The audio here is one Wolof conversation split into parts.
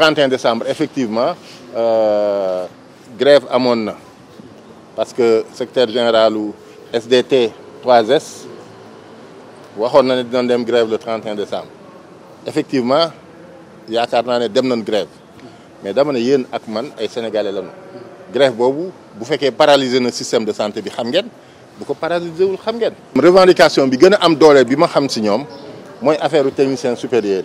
31 décembre effectivement euh, grève mon nom, parce que le secrétaire ou SDT 3S waxoon na ne une grève le 31 décembre effectivement il y a dem une grève mais dama y a ak man ay sénégalais La grève Si bu fekkee paralysé le système de santé bi xam ngeen bu ko revendication bi que a am doole bi ma xam technicien supérieur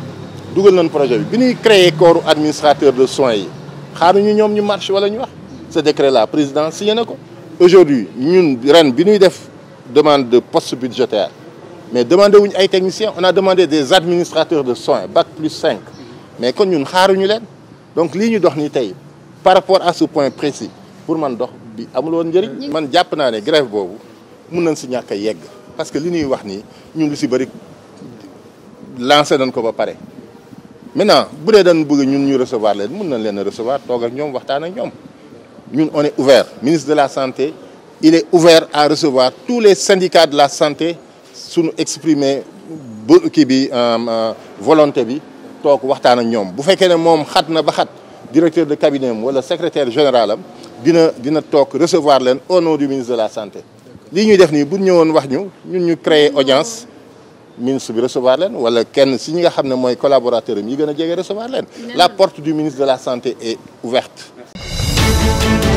dugal nañ projet bi bi créé créer corps administrateur de soins yi xaaruñu ñoom ñu marche wala ñu wax ce décret là président signé aujourd'hui ñun ren bi ñuy def demande de poste budgétaire mais demandé wuñu ay techniciens on a demandé des administrateurs de soins bac plus 5 mais kon ñun xaaruñu leen donc ce ñu dox nii par rapport à ce point précis pour man dox bi amul woon man grève boobu mun nañ si ñàkk yegg parce que li ñuy wax nii ñun lu si lancé nañ ko ba maintenant si nous dañ bëgg ñun ñu recevoir leen mën nañ recevoir toog ak ñoom waxtaan on est ouvert ministre de la santé il est ouvert à recevoir tous les syndicats de la santé suñu exprimer bu euh, euh, volonté bi tok waxtaan ak ñoom bu fekkene mom ba xat directeur de cabinet ou wala secrétaire général am dina dina tok recevoir au nom du ministre de la santé Nous ñuy def nous bu ñewon wax ñu ñun ñu créer audience ministre bi recevoir leen wala kenn si ñi nga xam ne collaborateurs, collaborateur am yi gën a recevoir leen la porte du ministre de la santé est ouverte